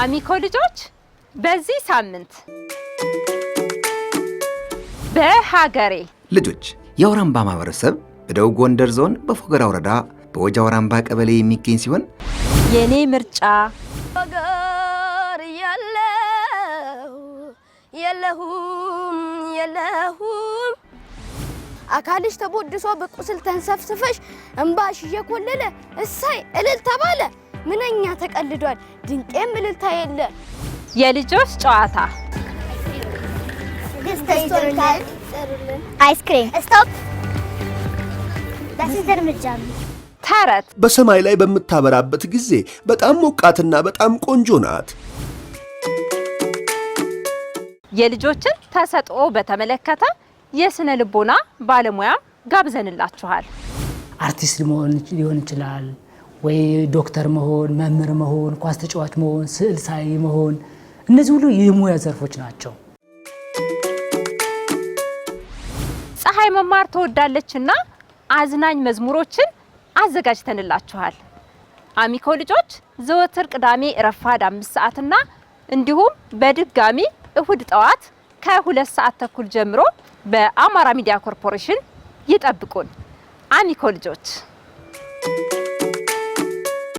አሚኮ ልጆች በዚህ ሳምንት በሀገሬ ልጆች የአውራምባ ማህበረሰብ በደቡብ ጎንደር ዞን በፎገራ ወረዳ በወጅ አውራምባ ቀበሌ የሚገኝ ሲሆን የኔ ምርጫ ሀገር ያለው የለሁም የለሁም አካልሽ ተቦድሶ በቁስል ተንሰፍስፈሽ እምባሽ እየኮለለ እሳይ እልል ተባለ ምንኛ ተቀልዷል! ድንቄም እልልታ የለ። የልጆች ጨዋታ አይስክሬም ስቶፕ ተረት በሰማይ ላይ በምታበራበት ጊዜ በጣም ሞቃትና በጣም ቆንጆ ናት። የልጆችን ተሰጥኦ በተመለከተ የስነ ልቦና ባለሙያ ጋብዘንላችኋል። አርቲስት ሊሆን ይችላል ወይ ዶክተር መሆን፣ መምህር መሆን፣ ኳስ ተጫዋች መሆን፣ ስዕል ሳይ መሆን እነዚህ ሁሉ የሙያ ዘርፎች ናቸው። ፀሐይ መማር ትወዳለችና አዝናኝ መዝሙሮችን አዘጋጅተንላችኋል። አሚኮ ልጆች ዘወትር ቅዳሜ ረፋድ አምስት ሰዓትና እንዲሁም በድጋሚ እሁድ ጠዋት ከሁለት ሰዓት ተኩል ጀምሮ በአማራ ሚዲያ ኮርፖሬሽን ይጠብቁን። አሚኮ ልጆች